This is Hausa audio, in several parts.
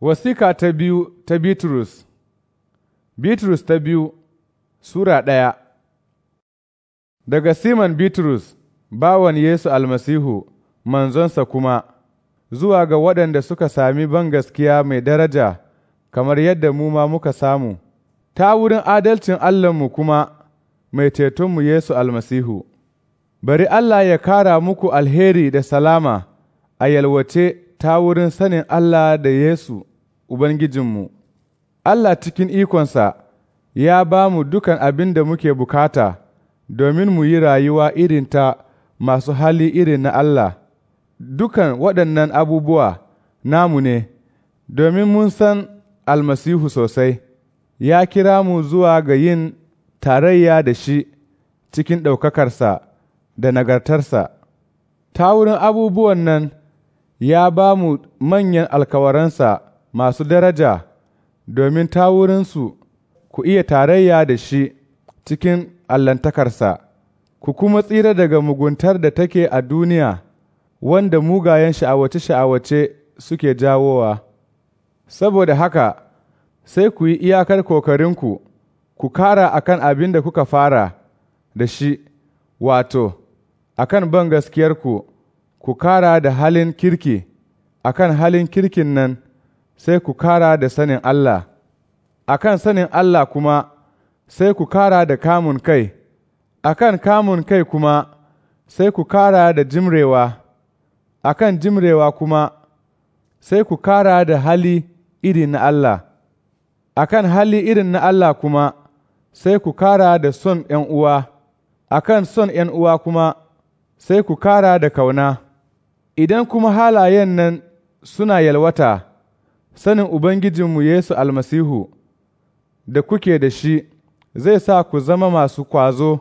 Wasika ta biyu ta Bitrus Bitrus ta biyu Sura ɗaya Daga Siman Bitrus, bawan Yesu almasihu, manzonsa kuma, zuwa ga waɗanda suka sami bangaskiya mai daraja, kamar yadda mu ma muka samu, ta wurin adalcin Allahnmu kuma mai cetonmu Yesu almasihu. Bari Allah ya kara muku alheri da salama a yalwace ta wurin sanin Allah da Yesu Ubangijinmu, Allah cikin ikonsa ya ba mu dukan abin da muke bukata domin mu yi rayuwa irin ta masu hali irin na Allah, dukan waɗannan abubuwa namu ne, domin mun san almasihu sosai, ya kira mu zuwa ga yin tarayya da shi cikin ɗaukakarsa da nagartarsa. Ta wurin abubuwan nan ya ba mu manyan alkawaransa. masu daraja domin ta wurinsu ku iya tarayya da shi cikin allantakarsa, ku kuma tsira daga muguntar da take a duniya wanda mugayen sha'awace-sha'awace suke jawowa. Saboda haka, sai ku yi iyakar kokarinku, ku kara akan abin da kuka fara da shi, wato, akan ban gaskiyarku, ku kara da halin kirki, akan halin kirkin nan. sai ku kara da sanin Allah, a kan sanin Allah kuma sai ku kara da kamun kai, a kan kamun kai kuma sai ku kara da jimrewa, a kan jimrewa kuma sai ku kara da hali irin na Allah, a kan hali irin na Allah kuma sai ku kara da son ’yan uwa, a kan son ’yan uwa kuma sai ku kara da kauna, idan kuma halayen nan suna yalwata. sanin Ubangijinmu Yesu almasihu da kuke da shi zai sa ku zama masu kwazo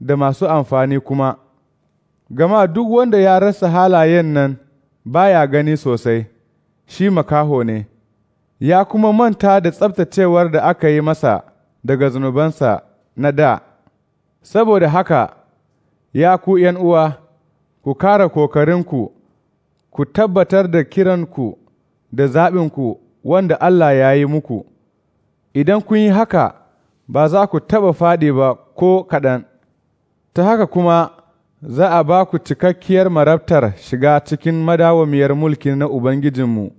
da masu amfani kuma, gama duk wanda ya rasa halayen nan baya gani sosai, shi makaho ne, ya kuma manta da tsabtacewar da aka yi masa daga zunubansa na da, saboda haka, ya ku uwa, ku kara kokarinku, ku tabbatar da kiranku. da zaɓinku wanda Allah ya yi muku, idan kun yi haka ba za ku taɓa faɗi ba ko kaɗan, ta haka kuma za a ba ku cikakkiyar marabtar shiga cikin madawamiyar mulki na Ubangijinmu,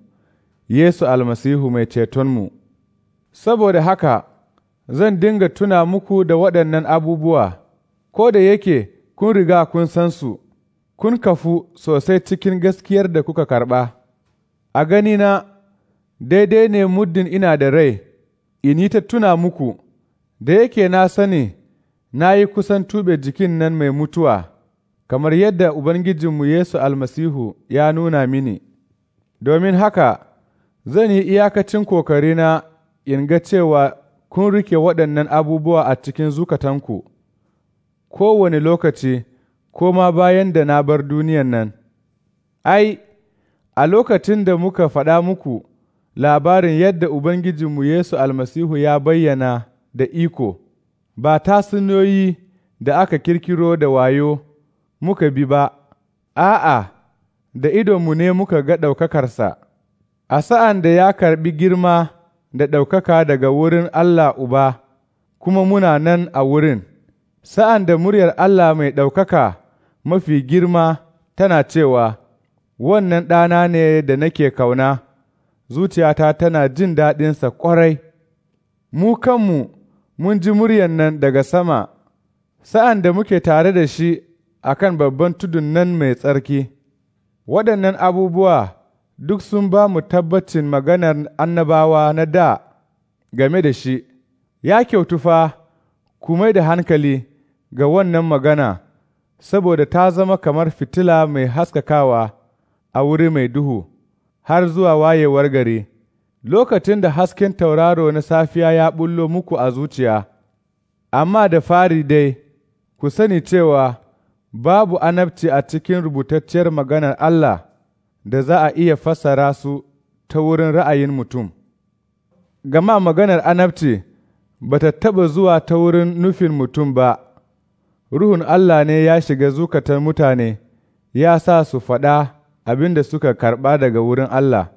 Yesu almasihu mai cetonmu. Saboda haka, zan dinga tuna muku da waɗannan abubuwa, ko da yake kun riga kun san su, kun kafu sosai cikin gaskiyar da kuka karɓa. a ganina daidai ne muddin ina da rai, in yi ta tuna muku, da yake na sani na yi kusan tube jikin nan mai mutuwa, kamar yadda Ubangijinmu Yesu almasihu ya nuna mini. Domin haka, zan yi iyakacin kokarina in ga cewa kun rike waɗannan abubuwa a cikin zukatanku, kowane lokaci, ko ma bayan da na bar duniyan nan. Ai, a lokacin da muka faɗa muku labarin yadda Ubangijinmu Yesu almasihu ya bayyana da iko, ba tatsuniyoyi da aka kirkiro da wayo muka bi ba, a'a, da idonmu ne muka ga ɗaukakarsa, a sa'an da ya karɓi girma da ɗaukaka daga wurin Allah Uba, kuma muna nan a wurin, sa'an da muryar Allah mai ɗaukaka mafi girma tana cewa, wannan ɗana ne da nake kauna, zuciyata tana jin daɗinsa ƙwarai, mu kanmu mun ji muryan nan daga sama, sa'an da muke tare da shi a kan babban tudun nan mai tsarki, waɗannan abubuwa duk sun ba mu tabbacin maganar annabawa na da game da shi, ya kyautu fa, ku da hankali ga wannan magana, saboda ta zama kamar fitila mai haskakawa. a wuri mai duhu har zuwa wayewar gari, lokacin da hasken tauraro na safiya ya bullo muku a zuciya, amma da fari dai, ku sani cewa babu anabci a cikin rubutacciyar maganar Allah da za a iya fassara su ta wurin ra'ayin mutum. Gama maganar anabci ba ta taɓa zuwa ta wurin nufin mutum ba, Ruhun Allah ne ya shiga zukatan mutane, ya sa su faɗa abin da suka karɓa daga wurin Allah